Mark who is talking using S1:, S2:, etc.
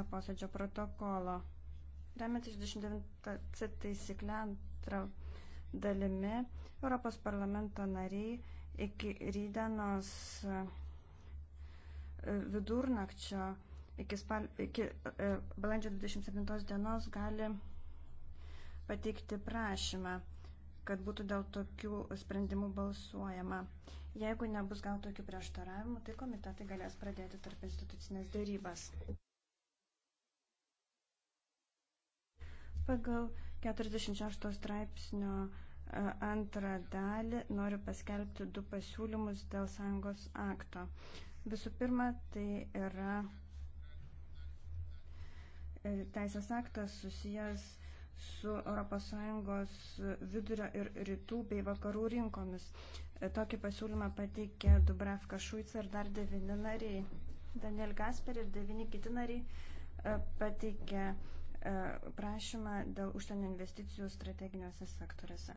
S1: ankstesnio posėdžio protokolo. Remiantis 29 taisyklę antrą dalimi, Europos parlamento nariai iki rydienos e, vidurnakčio, iki, spal, iki e, balandžio 27 dienos gali pateikti prašymą, kad būtų dėl tokių sprendimų balsuojama. Jeigu nebus gal tokių prieštaravimų, tai komitetai galės pradėti tarp institucinės dėrybas. Pagal 46 straipsnio e, antrą dalį noriu paskelbti du pasiūlymus dėl sąjungos akto. Visų pirma, tai yra e, teisės aktas susijęs su ES vidurio ir rytų bei vakarų rinkomis. E, tokį pasiūlymą pateikė Dubravka Šuica ir dar devyni nariai. Daniel Gasper ir devyni kiti nariai pateikė prašymą dėl užsienio investicijų strateginiuose
S2: sektoriuose.